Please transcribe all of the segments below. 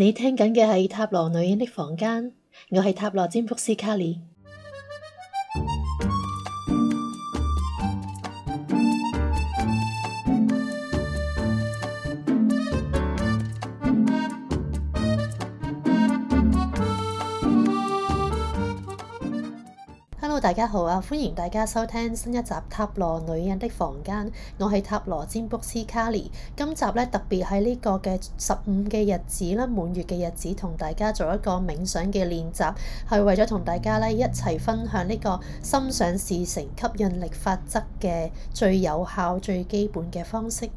你聽緊嘅係塔羅女人的房間，我係塔羅占卜師卡莉。Hello，大家好啊！歡迎大家收聽新一集塔羅女人的房間，我係塔羅占卜師卡莉。今集咧特別喺呢個嘅十五嘅日子啦，滿月嘅日子，同大家做一個冥想嘅練習，係為咗同大家咧一齊分享呢個心想事成吸引力法則嘅最有效最基本嘅方式。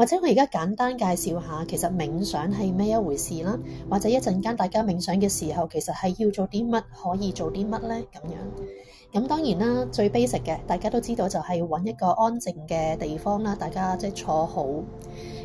或者我而家簡單介紹下，其實冥想係咩一回事啦。或者一陣間大家冥想嘅時候，其實係要做啲乜，可以做啲乜呢？咁樣咁當然啦，最 basic 嘅大家都知道就係揾一個安靜嘅地方啦。大家即係坐好，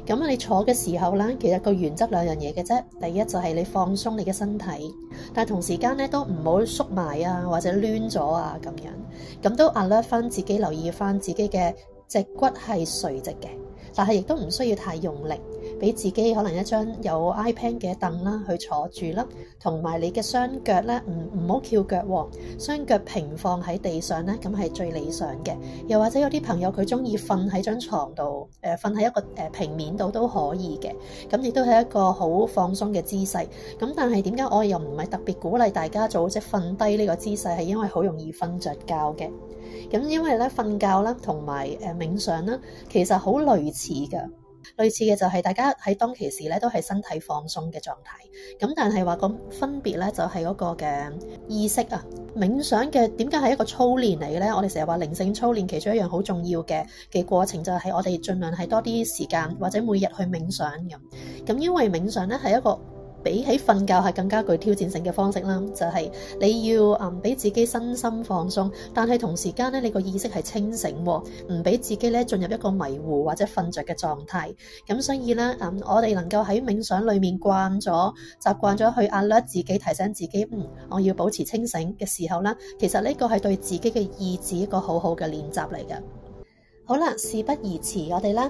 咁你坐嘅時候呢，其實個原則兩樣嘢嘅啫。第一就係你放鬆你嘅身體，但同時間呢，都唔好縮埋啊，或者攣咗啊，咁樣咁都 alert 翻自己，留意翻自己嘅脊骨係垂直嘅。但係亦都唔需要太用力，俾自己可能一張有 iPad 嘅凳啦去坐住啦，同埋你嘅雙腳咧唔唔好翹腳喎，雙腳平放喺地上咧咁係最理想嘅。又或者有啲朋友佢中意瞓喺張床度，誒瞓喺一個誒平面度都可以嘅，咁亦都係一個好放鬆嘅姿勢。咁但係點解我又唔係特別鼓勵大家做即瞓低呢個姿勢？係因為好容易瞓着覺嘅。咁因為咧瞓覺啦，同埋誒冥想啦，其實好類似嘅。類似嘅就係大家喺當其時咧，都係身體放鬆嘅狀態。咁但係話咁分別咧，就係嗰個嘅意識啊。冥想嘅點解係一個操練嚟嘅咧？我哋成日話靈性操練其中一樣好重要嘅嘅過程，就係我哋儘量係多啲時間或者每日去冥想咁。咁因為冥想咧係一個，比起瞓覺係更加具挑戰性嘅方式啦，就係你要誒俾自己身心放鬆，但係同時間咧，你個意識係清醒，唔俾自己咧進入一個迷糊或者瞓着嘅狀態。咁所以咧，誒我哋能夠喺冥想裏面慣咗，習慣咗去 alert 自己，提醒自己，嗯，我要保持清醒嘅時候啦。其實呢個係對自己嘅意志一個好好嘅練習嚟嘅。好啦，事不宜遲，我哋咧誒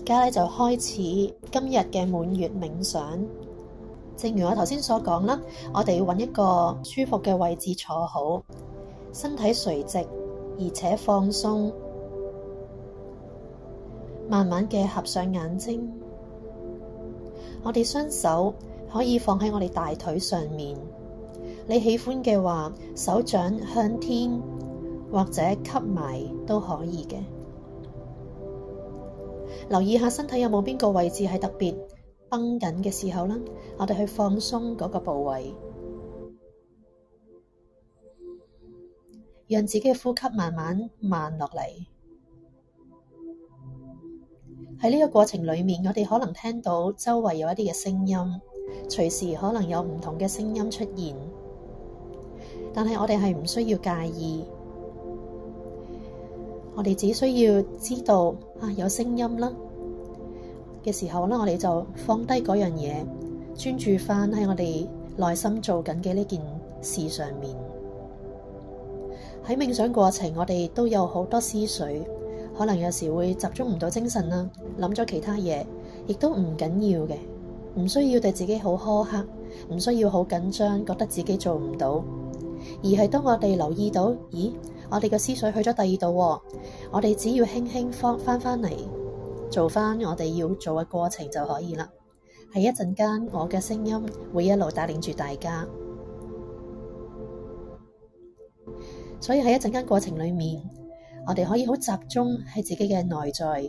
而家咧就開始今日嘅滿月冥想。正如我頭先所講啦，我哋要揾一個舒服嘅位置坐好，身體垂直而且放鬆，慢慢嘅合上眼睛。我哋雙手可以放喺我哋大腿上面，你喜歡嘅話，手掌向天或者吸埋都可以嘅。留意下身體有冇邊個位置係特別。繃緊嘅時候啦，我哋去放鬆嗰個部位，讓自己嘅呼吸慢慢慢落嚟。喺呢個過程裏面，我哋可能聽到周圍有一啲嘅聲音，隨時可能有唔同嘅聲音出現，但係我哋係唔需要介意，我哋只需要知道啊有聲音啦。嘅時候咧，我哋就放低嗰樣嘢，專注翻喺我哋內心做緊嘅呢件事上面。喺冥想過程，我哋都有好多思緒，可能有時會集中唔到精神啦，諗咗其他嘢，亦都唔緊要嘅，唔需要對自己好苛刻，唔需要好緊張，覺得自己做唔到，而係當我哋留意到，咦，我哋嘅思緒去咗第二度，哦，我哋只要輕輕放翻翻嚟。回回做翻我哋要做嘅過程就可以啦。喺一陣間，我嘅聲音會一路帶領住大家，所以喺一陣間過程裏面，我哋可以好集中喺自己嘅內在，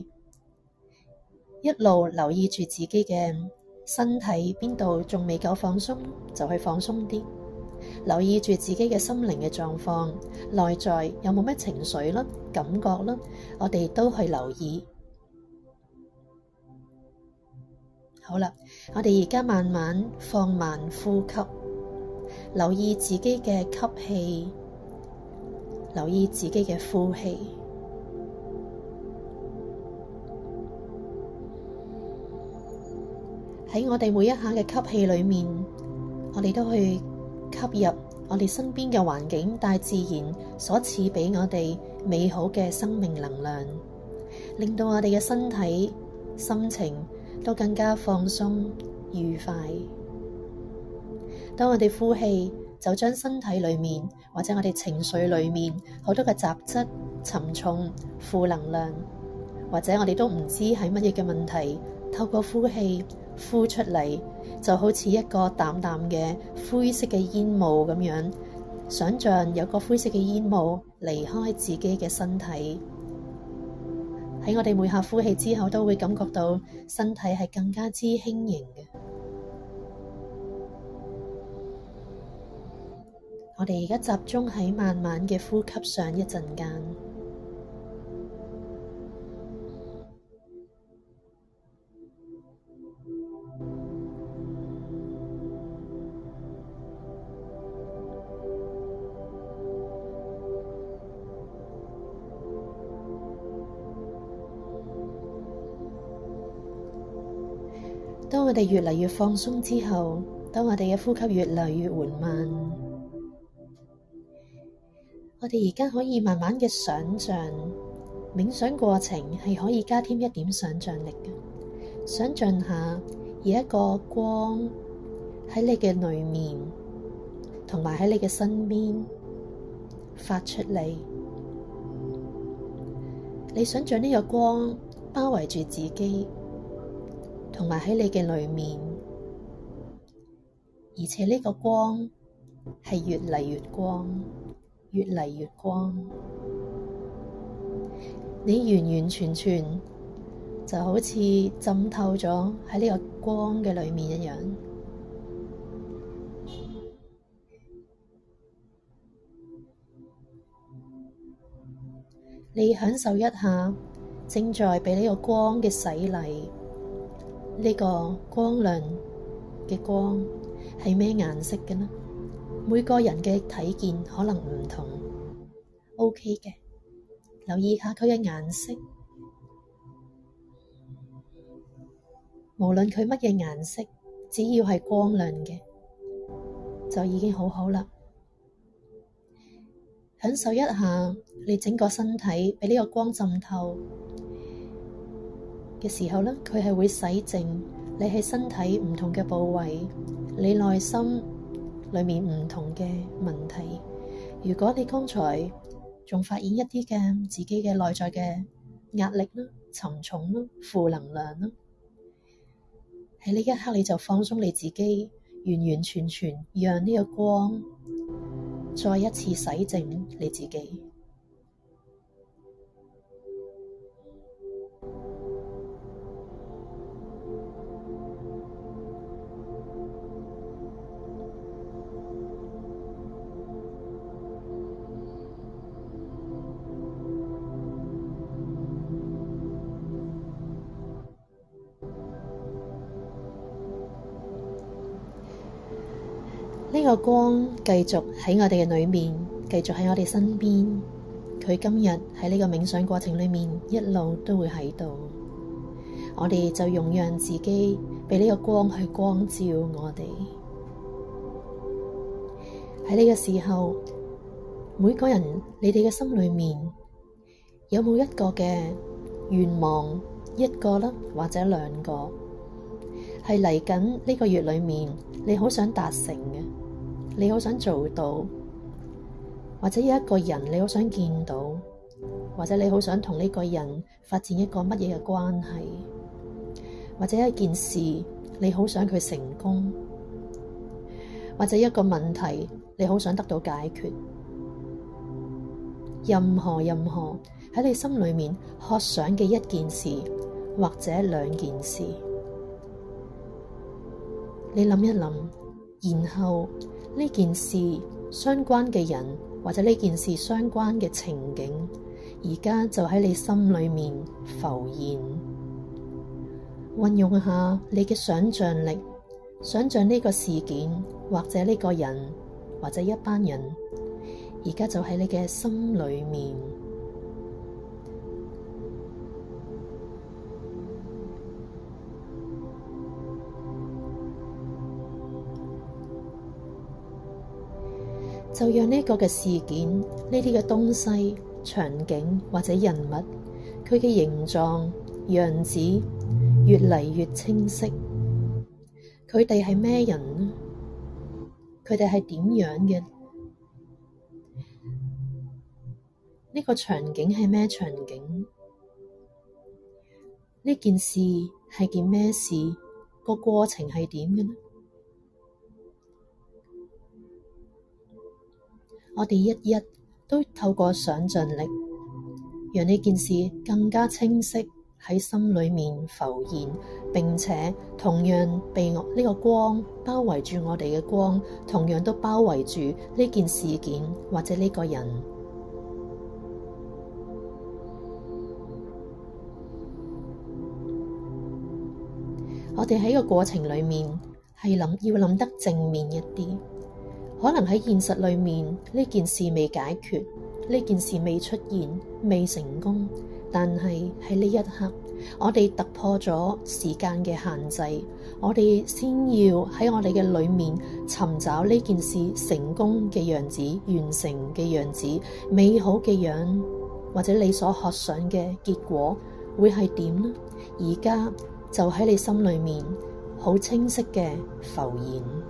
一路留意住自己嘅身體邊度仲未夠放鬆，就去放鬆啲。留意住自己嘅心靈嘅狀況，內在有冇咩情緒啦、感覺啦，我哋都去留意。好啦，我哋而家慢慢放慢呼吸，留意自己嘅吸氣，留意自己嘅呼氣。喺我哋每一下嘅吸氣裏面，我哋都去吸入我哋身邊嘅環境、大自然所賜畀我哋美好嘅生命能量，令到我哋嘅身體、心情，都更加放鬆愉快。當我哋呼氣，就將身體裏面或者我哋情緒裏面好多嘅雜質、沉重、負能量，或者我哋都唔知係乜嘢嘅問題，透過呼氣呼出嚟，就好似一個淡淡嘅灰色嘅煙霧咁樣，想象有個灰色嘅煙霧離開自己嘅身體。喺我哋每下呼氣之後，都會感覺到身體係更加之輕盈嘅。我哋而家集中喺慢慢嘅呼吸上一陣間。係越嚟越放鬆之後，當我哋嘅呼吸越嚟越緩慢，我哋而家可以慢慢嘅想象，冥想過程係可以加添一點想象力嘅。想象下，而一個光喺你嘅裏面，同埋喺你嘅身邊發出嚟。你想象呢個光包圍住自己。同埋喺你嘅裏面，而且呢個光係越嚟越光，越嚟越光。你完完全全就好似浸透咗喺呢個光嘅裏面一樣，你享受一下，正在畀呢個光嘅洗禮。呢個光亮嘅光係咩顏色嘅呢？每個人嘅體驗可能唔同。OK 嘅，留意下佢嘅顏色。無論佢乜嘢顏色，只要係光亮嘅，就已經好好啦。享受一下，你整個身體俾呢個光浸透。嘅時候咧，佢係會洗淨你喺身體唔同嘅部位，你內心裏面唔同嘅問題。如果你剛才仲發現一啲嘅自己嘅內在嘅壓力啦、沉重啦、負能量啦，喺呢一刻你就放鬆你自己，完完全全讓呢個光再一次洗淨你自己。光繼續喺我哋嘅裏面，繼續喺我哋身邊。佢今日喺呢個冥想過程裏面，一路都會喺度。我哋就用讓自己俾呢個光去光照我哋。喺呢個時候，每個人你哋嘅心裏面有冇一個嘅願望，一個啦或者兩個，係嚟緊呢個月裏面你好想達成嘅？你好想做到，或者有一個人你好想見到，或者你好想同呢個人發展一個乜嘢嘅關係，或者一件事你好想佢成功，或者一個問題你好想得到解決，任何任何喺你心裏面渴想嘅一件事或者兩件事，你諗一諗，然後，呢件事相關嘅人或者呢件事相關嘅情景，而家就喺你心裏面浮現。運用下你嘅想象力，想象呢個事件或者呢個人或者一班人，而家就喺你嘅心裏面。就讓呢個嘅事件、呢啲嘅東西、場景或者人物，佢嘅形狀、樣子越嚟越清晰。佢哋係咩人呢？佢哋係點樣嘅？呢個場景係咩場景？呢件事係件咩事？過程係點嘅呢？我哋一一都透過想像力，讓呢件事更加清晰喺心裏面浮現，並且同樣被呢、這個光包圍住我哋嘅光，同樣都包圍住呢件事件或者呢個人。我哋喺個過程裏面係諗要諗得正面一啲。可能喺現實裏面，呢件事未解決，呢件事未出現，未成功，但係喺呢一刻，我哋突破咗時間嘅限制，我哋先要喺我哋嘅裏面尋找呢件事成功嘅樣子、完成嘅樣子、美好嘅樣，或者你所渴想嘅結果會係點呢？而家就喺你心裏面好清晰嘅浮現。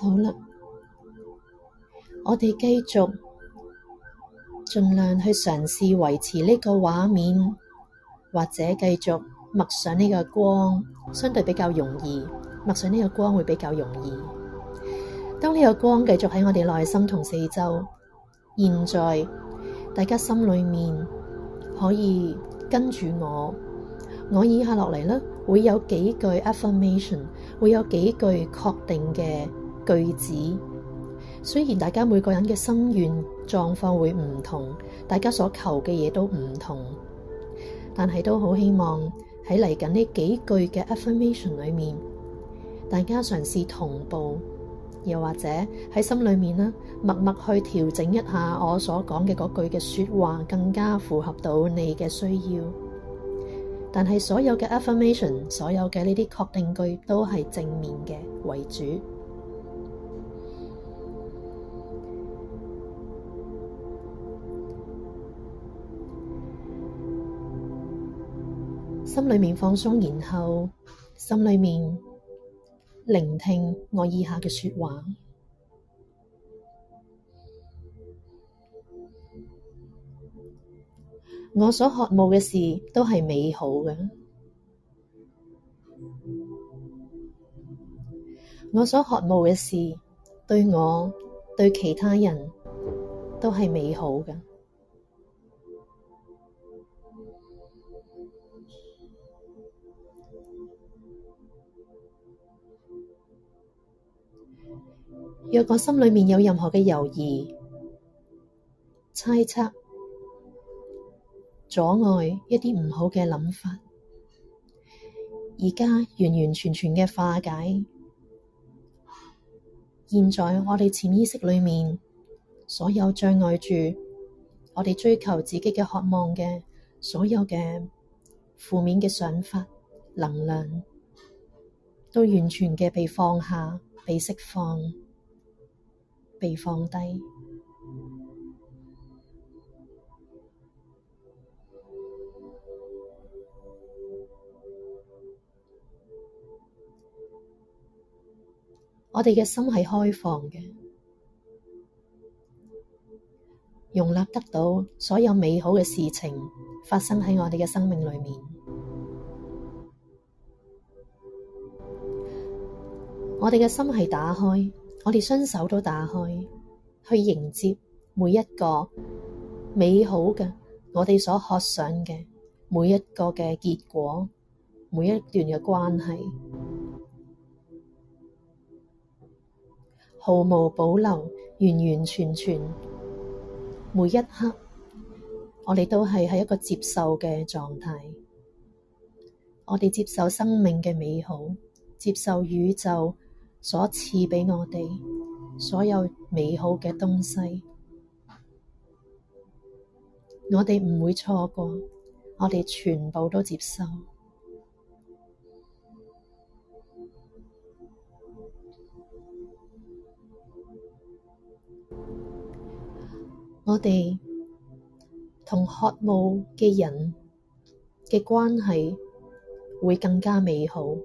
好啦，我哋繼續盡量去嘗試維持呢個畫面，或者繼續默想呢個光，相對比較容易。默想呢個光會比較容易。當呢個光繼續喺我哋內心同四周，現在大家心裏面可以跟住我。我以下落嚟，呢，會有幾句 affirmation，會有幾句確定嘅。句子雖然大家每個人嘅心願狀況會唔同，大家所求嘅嘢都唔同，但係都好希望喺嚟緊呢幾句嘅 affirmation 裏面，大家嘗試同步，又或者喺心裏面啦，默默去調整一下我所講嘅嗰句嘅說話，更加符合到你嘅需要。但係所有嘅 affirmation，所有嘅呢啲確定句都係正面嘅為主。心裏面放鬆，然後心裏面聆聽我以下嘅說話。我所渴慕嘅事都係美好嘅，我所渴慕嘅事對我、對其他人都係美好嘅。若我心裏面有任何嘅猶豫、猜測、阻礙一啲唔好嘅諗法，而家完完全全嘅化解。現在我哋潛意識裏面所有障礙住我哋追求自己嘅渴望嘅所有嘅負面嘅想法、能量，都完全嘅被放下、被釋放。被放低，我哋嘅心係開放嘅，容納得到所有美好嘅事情發生喺我哋嘅生命裏面。我哋嘅心係打開。我哋雙手都打開，去迎接每一個美好嘅我哋所渴想嘅每一個嘅結果，每一段嘅關係，毫無保留，完完全全，每一刻我哋都係喺一個接受嘅狀態。我哋接受生命嘅美好，接受宇宙。所賜畀我哋所有美好嘅東西，我哋唔會錯過，我哋全部都接受，我哋同渴慕嘅人嘅關係會更加美好。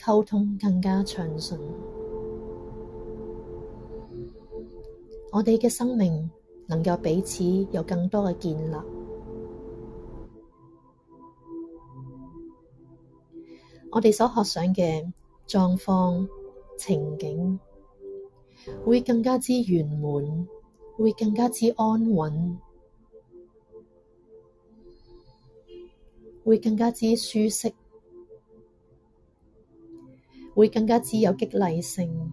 溝通更加暢順，我哋嘅生命能夠彼此有更多嘅建立，我哋所學想嘅狀況、情景會更加之圓滿，會更加之安穩，會更加之舒適。會更加之有激勵性。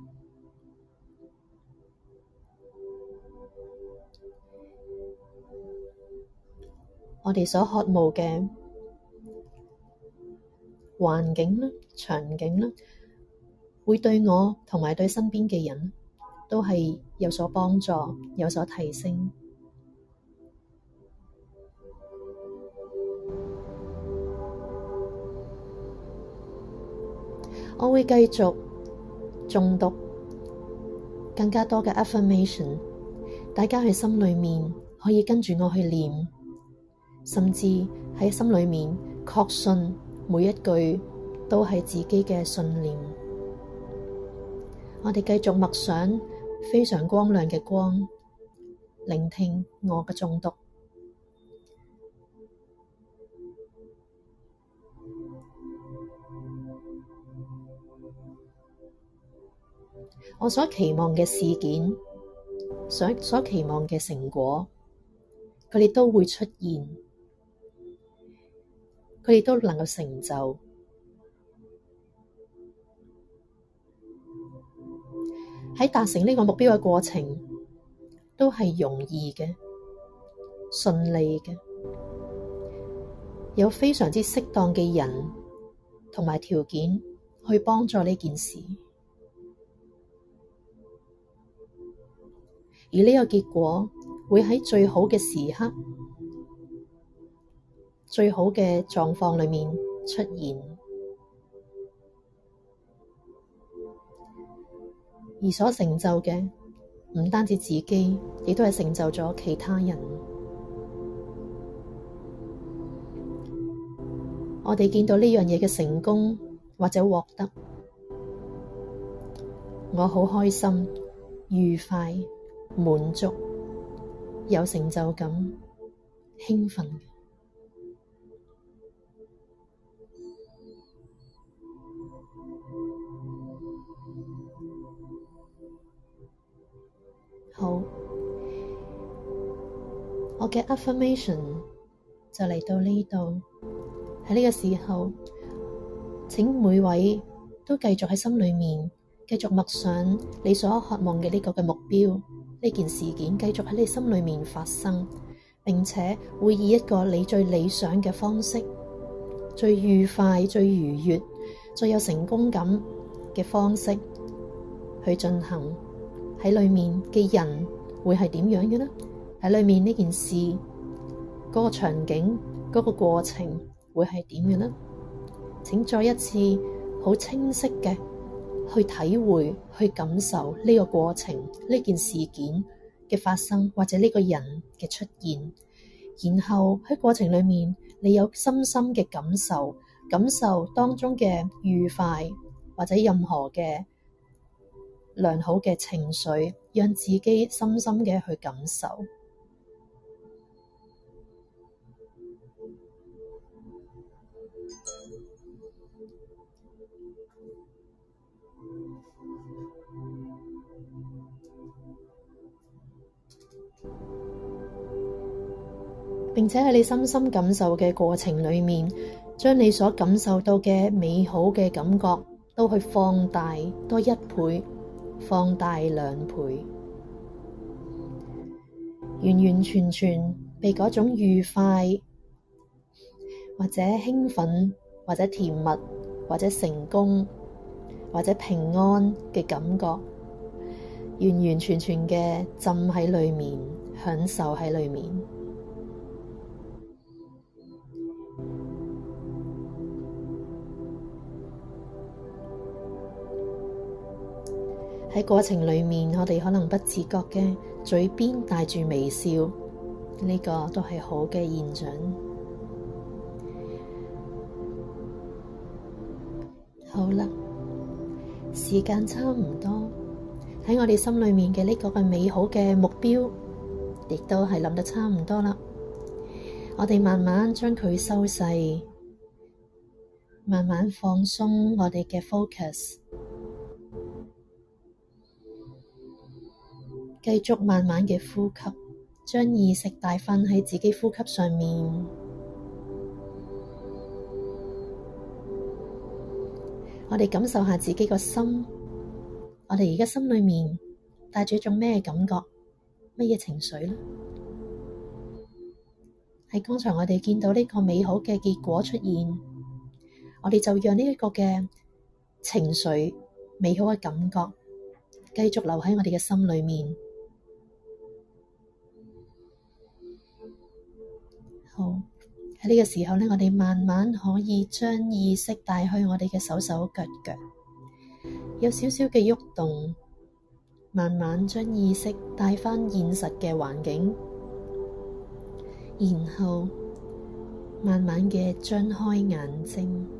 我哋所渴望嘅環境啦、場景啦，會對我同埋對身邊嘅人都係有所幫助、有所提升。我會繼續誦讀更加多嘅 affirmation，大家喺心裏面可以跟住我去念，甚至喺心裏面確信每一句都係自己嘅信念。我哋繼續默想非常光亮嘅光，聆聽我嘅誦讀。我所期望嘅事件，所所期望嘅成果，佢哋都會出現，佢哋都能夠成就。喺達成呢個目標嘅過程，都係容易嘅、順利嘅，有非常之適當嘅人同埋條件去幫助呢件事。而呢個結果會喺最好嘅時刻，最好嘅狀況裏面出現，而所成就嘅唔單止自己，亦都係成就咗其他人。我哋見到呢樣嘢嘅成功或者獲得，我好開心愉快。滿足、有成就感、興奮。好，我嘅 affirmation 就嚟到呢度。喺呢個時候，請每位都繼續喺心裏面繼續默想你所渴望嘅呢個嘅目標。呢件事件繼續喺你心裏面發生，並且會以一個你最理想嘅方式，最愉快、最愉悅、最有成功感嘅方式去進行。喺裏面嘅人會係點樣嘅呢？喺裏面呢件事嗰個場景、嗰個過程會係點嘅呢？請再一次好清晰嘅。去體會、去感受呢個過程、呢件事件嘅發生，或者呢個人嘅出現，然後喺過程裏面，你有深深嘅感受，感受當中嘅愉快或者任何嘅良好嘅情緒，讓自己深深嘅去感受。並且喺你深深感受嘅過程裏面，將你所感受到嘅美好嘅感覺都去放大多一倍，放大兩倍，完完全全被嗰種愉快或者興奮或者甜蜜或者成功或者平安嘅感覺，完完全全嘅浸喺裏面，享受喺裏面。喺過程裏面，我哋可能不自覺嘅嘴邊帶住微笑，呢個都係好嘅現象。好啦，時間差唔多，喺我哋心裏面嘅呢個咁美好嘅目標，亦都係諗得差唔多啦。我哋慢慢將佢收細，慢慢放鬆我哋嘅 focus。繼續慢慢嘅呼吸，將意識帶返喺自己呼吸上面。我哋感受下自己個心，我哋而家心裏面帶住一種咩感覺，乜嘢情緒呢？喺剛才我哋見到呢個美好嘅結果出現，我哋就讓呢一個嘅情緒美好嘅感覺繼續留喺我哋嘅心裏面。好，喺呢個時候咧，我哋慢慢可以將意識帶去我哋嘅手手腳腳，有少少嘅喐動，慢慢將意識帶返現實嘅環境，然後慢慢嘅張開眼睛。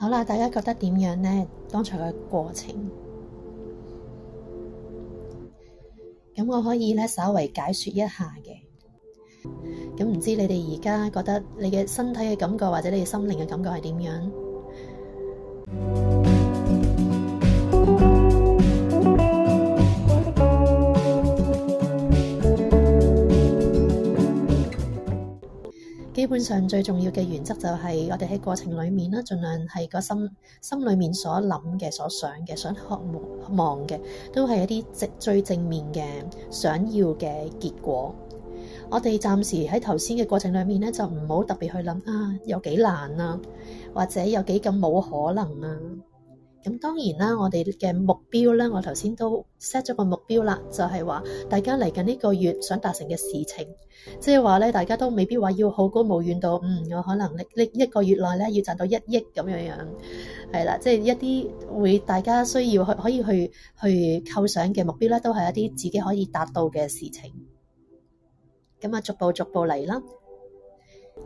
好啦，大家覺得點樣呢？剛才嘅過程，咁我可以呢稍微解説一下嘅。咁唔知你哋而家覺得你嘅身體嘅感覺，或者你嘅心靈嘅感覺係點樣？基本上最重要嘅原則就係我哋喺過程裡面咧，儘量係個心心裡面所諗嘅、所想嘅、想渴望嘅，都係一啲正最正面嘅想要嘅結果。我哋暫時喺頭先嘅過程裡面咧，就唔好特別去諗啊，有幾難啊，或者有幾咁冇可能啊。咁當然啦，我哋嘅目標咧，我頭先都 set 咗個目標啦，就係話大家嚟緊呢個月想達成嘅事情，即係話咧，大家都未必話要好高騖遠到，嗯，我可能呢呢一個月內咧要賺到一億咁樣樣，係啦，即係一啲會大家需要去可以去可以去，去構想嘅目標咧，都係一啲自己可以達到嘅事情，咁啊，逐步逐步嚟啦。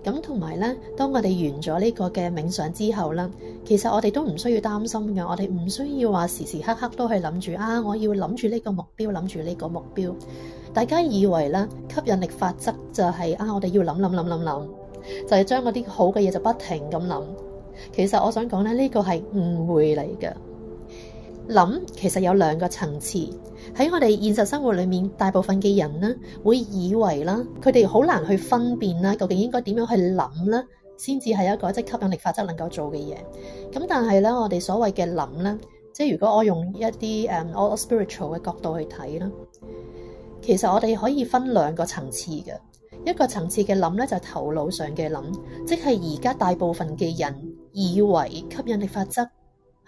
咁同埋咧，當我哋完咗呢個嘅冥想之後咧，其實我哋都唔需要擔心嘅，我哋唔需要話時時刻刻都係諗住啊，我要諗住呢個目標，諗住呢個目標。大家以為咧吸引力法則就係啊，我哋要諗諗諗諗諗，就係將嗰啲好嘅嘢就不停咁諗。其實我想講咧，呢個係誤會嚟㗎。諗其實有兩個層次。喺我哋現實生活裏面，大部分嘅人呢，會以為啦，佢哋好難去分辨啦，究竟應該點樣去諗呢，先至係一個即吸引力法則能夠做嘅嘢。咁但係呢，我哋所謂嘅諗呢，即係如果我用一啲誒 all spiritual 嘅角度去睇啦，其實我哋可以分兩個層次嘅，一個層次嘅諗呢，就係頭腦上嘅諗，即係而家大部分嘅人以為吸引力法則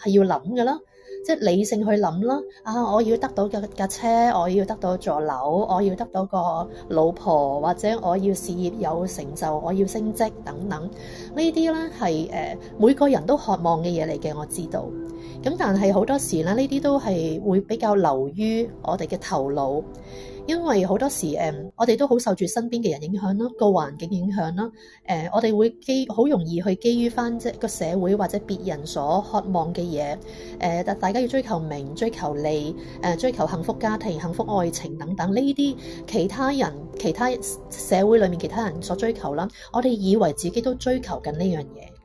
係要諗噶啦。即係理性去諗啦，啊，我要得到架架車，我要得到座樓，我要得到個老婆，或者我要事業有成就，我要升職等等，呢啲咧係誒每個人都渴望嘅嘢嚟嘅，我知道。咁但係好多時咧，呢啲都係會比較流於我哋嘅頭腦。因為好多時誒、呃，我哋都好受住身邊嘅人影響啦，個環境影響啦，誒，我哋會基好容易去基於翻嗰個社會或者別人所渴望嘅嘢，誒、呃，但大家要追求名、追求利、誒、呃，追求幸福家庭、幸福愛情等等呢啲其他人、其他社會裏面其他人所追求啦，我哋以為自己都追求緊呢樣嘢。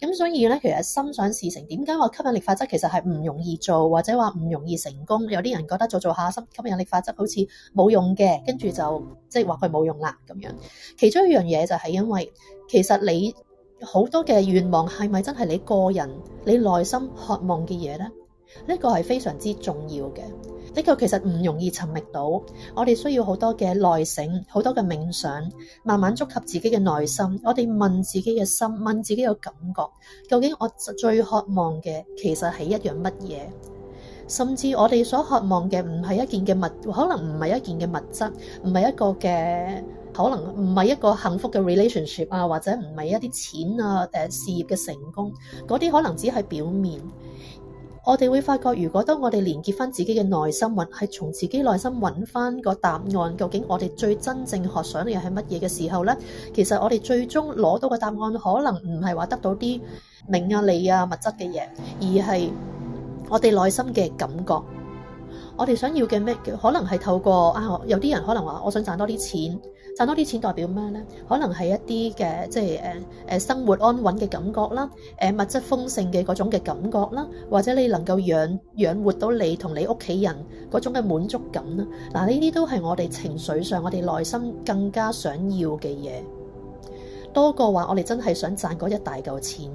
咁所以咧，其實心想事成，點解話吸引力法則其實係唔容易做，或者話唔容易成功？有啲人覺得做做下吸吸引力法則好似冇用嘅，跟住就即係話佢冇用啦咁樣。其中一樣嘢就係因為其實你好多嘅願望係咪真係你個人你內心渴望嘅嘢呢？呢個係非常之重要嘅。的確其實唔容易尋覓到，我哋需要好多嘅耐性，好多嘅冥想，慢慢觸及自己嘅內心。我哋問自己嘅心，問自己嘅感覺，究竟我最渴望嘅其實係一樣乜嘢？甚至我哋所渴望嘅唔係一件嘅物，可能唔係一件嘅物質，唔係一個嘅，可能唔係一個幸福嘅 relationship 啊，或者唔係一啲錢啊、誒事業嘅成功，嗰啲可能只係表面。我哋會發覺，如果當我哋連結翻自己嘅內心，或係從自己內心揾翻個答案，究竟我哋最真正渴想嘅又係乜嘢嘅時候咧，其實我哋最終攞到個答案，可能唔係話得到啲名啊利啊物質嘅嘢，而係我哋內心嘅感覺。我哋想要嘅咩？可能係透過啊，有啲人可能話，我想賺多啲錢。賺多啲錢代表咩呢？可能係一啲嘅即係誒誒生活安穩嘅感覺啦，誒、啊、物質豐盛嘅嗰種嘅感覺啦，或者你能夠養養活到你同你屋企人嗰種嘅滿足感啦。嗱、啊，呢啲都係我哋情緒上，我哋內心更加想要嘅嘢。多過話，我哋真係想賺嗰一大嚿錢。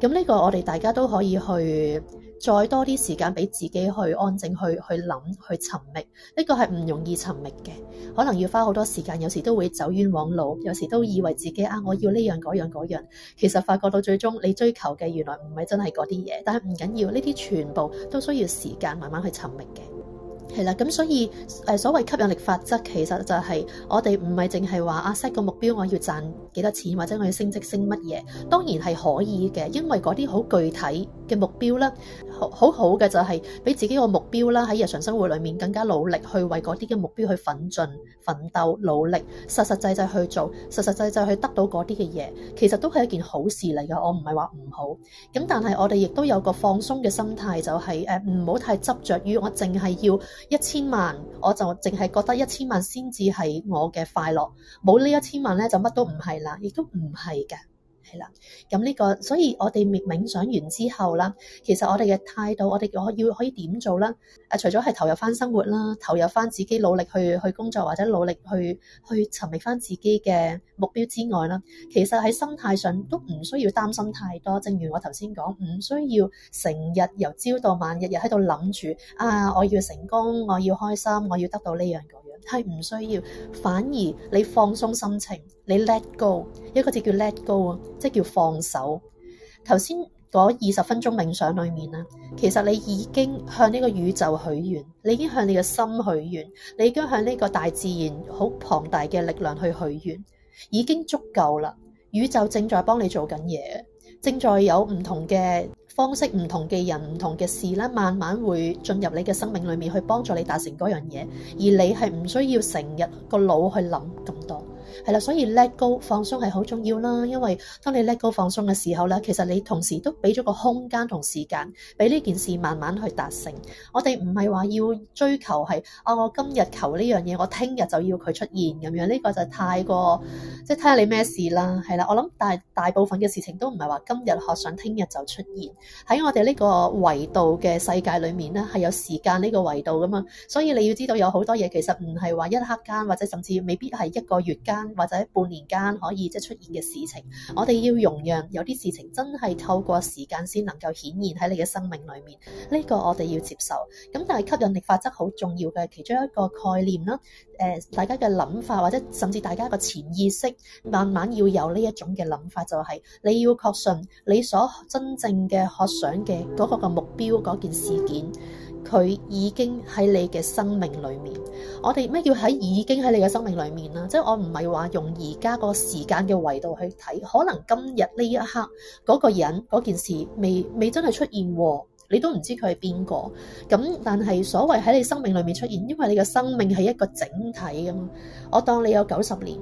咁呢個我哋大家都可以去再多啲時間俾自己去安靜去去諗去尋覓。呢個係唔容易尋覓嘅，可能要花好多時間。有時都會走冤枉路，有時都以為自己啊，我要呢樣嗰樣嗰樣。其實發覺到最終你追求嘅原來唔係真係嗰啲嘢，但係唔緊要，呢啲全部都需要時間慢慢去尋覓嘅。係啦，咁所以，誒所謂吸引力法則，其實就係、是、我哋唔係淨係話阿 set 個目標我要賺幾多錢，或者我要升職升乜嘢？當然係可以嘅，因為嗰啲好具體嘅目標咧，好好嘅就係、是、俾自己個目標啦，喺日常生活裏面更加努力去為嗰啲嘅目標去奮進、奮鬥、努力，實實際際去做，實實際際去得到嗰啲嘅嘢，其實都係一件好事嚟嘅，我唔係話唔好，咁但係我哋亦都有個放鬆嘅心態，就係誒唔好太執着於我淨係要。一千萬，我就淨係覺得一千萬先至係我嘅快樂，冇呢一千萬咧，就乜都唔係啦，亦都唔係嘅。係啦，咁呢個，所以我哋冥想完之後啦，其實我哋嘅態度，我哋我要可以點做咧？誒，除咗係投入翻生活啦，投入翻自己努力去去工作或者努力去去尋覓翻自己嘅目標之外啦，其實喺心態上都唔需要擔心太多。正如我頭先講，唔需要成日由朝到晚，日日喺度諗住啊，我要成功，我要開心，我要得到呢樣。係唔需要，反而你放鬆心情，你 let go 一個字叫 let go 啊，即係叫放手。頭先嗰二十分鐘冥想裏面啦，其實你已經向呢個宇宙許願，你已經向你嘅心許願，你已經向呢個大自然好龐大嘅力量去許願，已經足夠啦。宇宙正在幫你做緊嘢，正在有唔同嘅。方式唔同嘅人、唔同嘅事啦，慢慢會進入你嘅生命裏面去幫助你達成嗰樣嘢，而你係唔需要成日個腦去諗咁多。係啦，所以 let go 放鬆係好重要啦。因為當你 let go 放鬆嘅時候咧，其實你同時都俾咗個空間同時間俾呢件事慢慢去達成。我哋唔係話要追求係啊、哦，我今日求呢樣嘢，我聽日就要佢出現咁樣。呢、這個就太過即係睇下你咩事啦。係啦，我諗大大部分嘅事情都唔係話今日可想聽日就出現喺我哋呢個維度嘅世界裏面咧，係有時間呢個維度噶嘛。所以你要知道有好多嘢其實唔係話一刻間，或者甚至未必係一個月間。或者半年間可以即、就是、出現嘅事情，我哋要容讓有啲事情真係透過時間先能夠顯現喺你嘅生命裏面呢、這個我哋要接受咁，但係吸引力法則好重要嘅其中一個概念啦。誒、呃，大家嘅諗法或者甚至大家個潛意識，慢慢要有呢一種嘅諗法、就是，就係你要確信你所真正嘅學想嘅嗰個個目標嗰件事件。佢已經喺你嘅生命裏面，我哋咩叫喺已經喺你嘅生命裏面啦？即係我唔係話用而家個時間嘅維度去睇，可能今日呢一刻嗰個人嗰件事未未真係出現，你都唔知佢係邊個。咁但係所謂喺你生命裏面出現，因為你嘅生命係一個整體咁啊，我當你有九十年。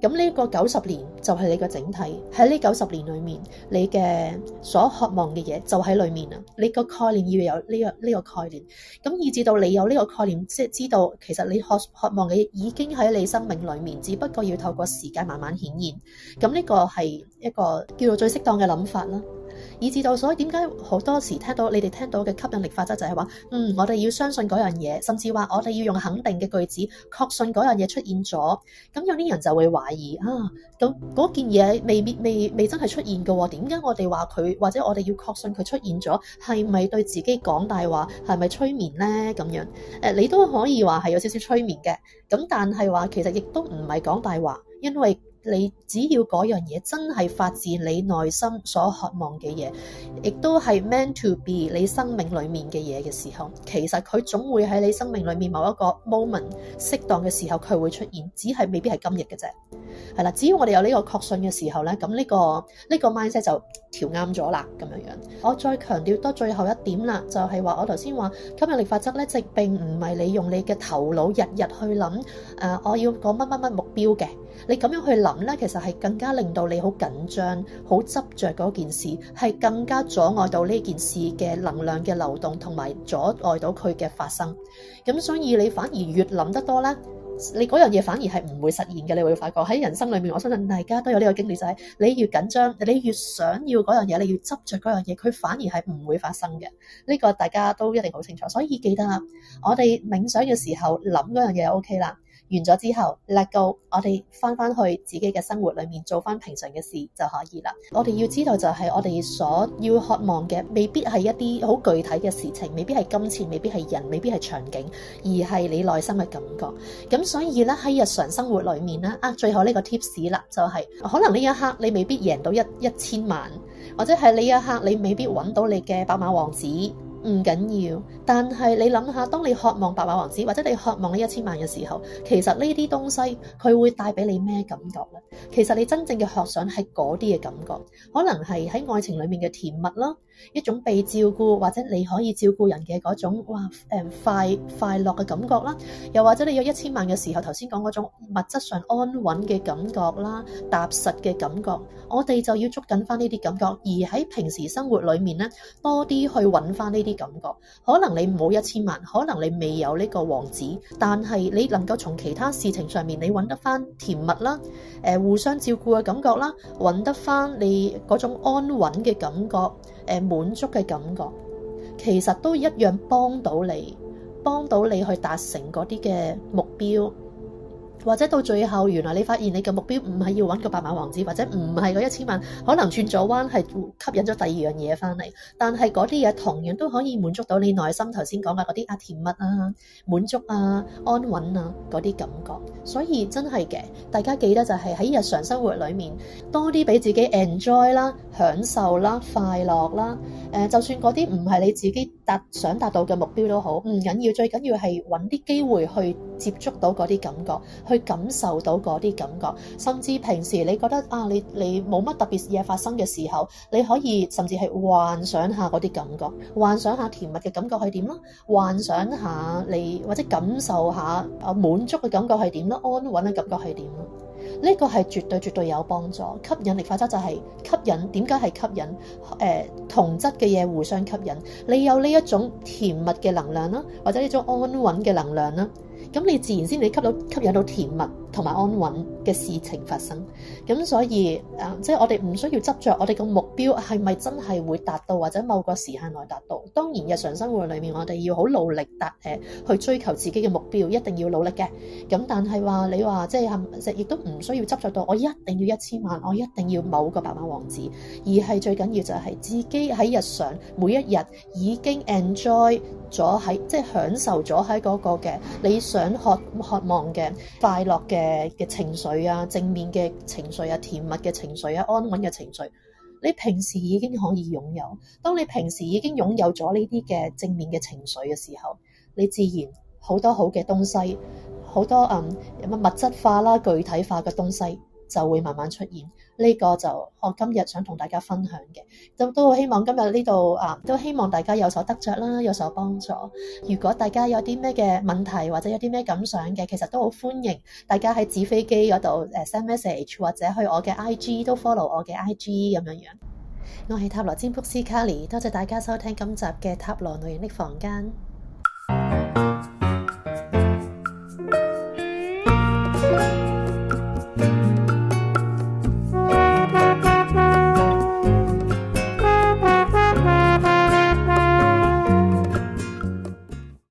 咁呢個九十年就係你個整體，喺呢九十年裏面，你嘅所渴望嘅嘢就喺裏面啦。你個概念要有呢個呢個概念，咁以至到你有呢個概念，即係知道其實你渴渴望嘅已經喺你生命裏面，只不過要透過時間慢慢顯現。咁呢個係一個叫做最適當嘅諗法啦。以知道，所以點解好多時聽到你哋聽到嘅吸引力法則就係話，嗯，我哋要相信嗰樣嘢，甚至話我哋要用肯定嘅句子確信嗰樣嘢出現咗。咁有啲人就會懷疑啊，咁嗰件嘢未未未，未真係出現㗎喎，點解我哋話佢，或者我哋要確信佢出現咗，係咪對自己講大話，係咪催眠呢？咁樣？誒，你都可以話係有少少催眠嘅。咁但係話其實亦都唔係講大話，因為你只要嗰樣嘢真係發自你內心所渴望嘅嘢，亦都係 meant to be 你生命裏面嘅嘢嘅時候，其實佢總會喺你生命裏面某一個 moment 適當嘅時候佢會出現，只係未必係今日嘅啫。係啦，只要我哋有呢個確信嘅時候咧，咁呢個呢個 mindset 就。調啱咗啦，咁樣樣。我再強調多最後一點啦，就係、是、話我頭先話吸引力法則呢即係並唔係你用你嘅頭腦日日去諗誒、呃，我要講乜乜乜目標嘅。你咁樣去諗呢，其實係更加令到你好緊張、好執着嗰件事，係更加阻礙到呢件事嘅能量嘅流動，同埋阻礙到佢嘅發生。咁所以你反而越諗得多咧。你嗰樣嘢，反而係唔會實現嘅，你會發覺喺人生裏面，我相信大家都有呢個經歷，就係你越緊張，你越想要嗰樣嘢，你越執着嗰樣嘢，佢反而係唔會發生嘅。呢個大家都一定好清楚，所以記得啊，我哋冥想嘅時候諗嗰樣嘢 OK 啦。完咗之後，let go，我哋返返去自己嘅生活裏面做返平常嘅事就可以啦。我哋要知道就係、是、我哋所要渴望嘅未必係一啲好具體嘅事情，未必係金錢，未必係人，未必係場景，而係你內心嘅感覺。咁所以咧，喺日常生活裏面呢，啊最後呢個 tips 啦，就係、是、可能呢一刻你未必贏到一一千萬，或者係呢一刻你未必揾到你嘅白馬王子。唔緊要，但係你諗下，當你渴望白馬王子或者你渴望呢一千萬嘅時候，其實呢啲東西佢會帶俾你咩感覺咧？其實你真正嘅渴想係嗰啲嘅感覺，可能係喺愛情裏面嘅甜蜜啦，一種被照顧或者你可以照顧人嘅嗰種哇誒、嗯、快快樂嘅感覺啦，又或者你有一千萬嘅時候，頭先講嗰種物質上安穩嘅感覺啦、踏實嘅感覺，我哋就要捉緊翻呢啲感覺，而喺平時生活裏面咧，多啲去揾翻呢啲。感覺可能你冇一千萬，可能你未有呢個王子，但係你能夠從其他事情上面，你揾得翻甜蜜啦，誒，互相照顧嘅感覺啦，揾得翻你嗰種安穩嘅感覺，誒，滿足嘅感覺，其實都一樣幫到你，幫到你去達成嗰啲嘅目標。或者到最後，原來你發現你嘅目標唔係要揾個白馬王子，或者唔係個一千萬，可能轉咗彎係吸引咗第二樣嘢翻嚟。但係嗰啲嘢同樣都可以滿足到你內心頭先講嘅嗰啲啊甜蜜啊、滿足啊、安穩啊嗰啲感覺。所以真係嘅，大家記得就係喺日常生活裏面多啲俾自己 enjoy 啦、享受啦、快樂啦。誒、呃，就算嗰啲唔係你自己達想達到嘅目標都好，唔緊要，最緊要係揾啲機會去接觸到嗰啲感覺。去感受到嗰啲感覺，甚至平時你覺得啊，你你冇乜特別嘢發生嘅時候，你可以甚至係幻想下嗰啲感覺，幻想下甜蜜嘅感覺係點咯，幻想下你或者感受下啊滿足嘅感覺係點啦，安穩嘅感覺係點咯，呢、這個係絕對絕對有幫助。吸引力法則就係吸引，點解係吸引？誒、呃、同質嘅嘢互相吸引，你有呢一種甜蜜嘅能量啦，或者呢種安穩嘅能量啦。那你自然先，吸到吸引到甜蜜。同埋安穩嘅事情發生，咁所以誒即係我哋唔需要執着我哋個目標係咪真係會達到，或者某個時限內達到？當然，日常生活裏面我哋要好努力達誒去追求自己嘅目標一定要努力嘅。咁但係話你話即係係亦都唔需要執着到我一定要一千萬我一定要某個白馬王子，而係最緊要就係自己喺日常每一日已經 enjoy 咗喺即係享受咗喺嗰個嘅你想渴渴望嘅快樂嘅。誒嘅情緒啊，正面嘅情緒啊，甜蜜嘅情緒啊，安穩嘅情緒，你平時已經可以擁有。當你平時已經擁有咗呢啲嘅正面嘅情緒嘅時候，你自然好多好嘅東西，好多嗯有乜物質化啦、具體化嘅東西。就會慢慢出現。呢個就我今日想同大家分享嘅，咁都好希望今日呢度啊，都希望大家有所得着啦，有所幫助。如果大家有啲咩嘅問題或者有啲咩感想嘅，其實都好歡迎大家喺紙飛機嗰度誒 send message，或者去我嘅 IG 都 follow 我嘅 IG 咁樣樣。我係塔羅占卜師 Carly，多謝大家收聽今集嘅塔羅女人的房間。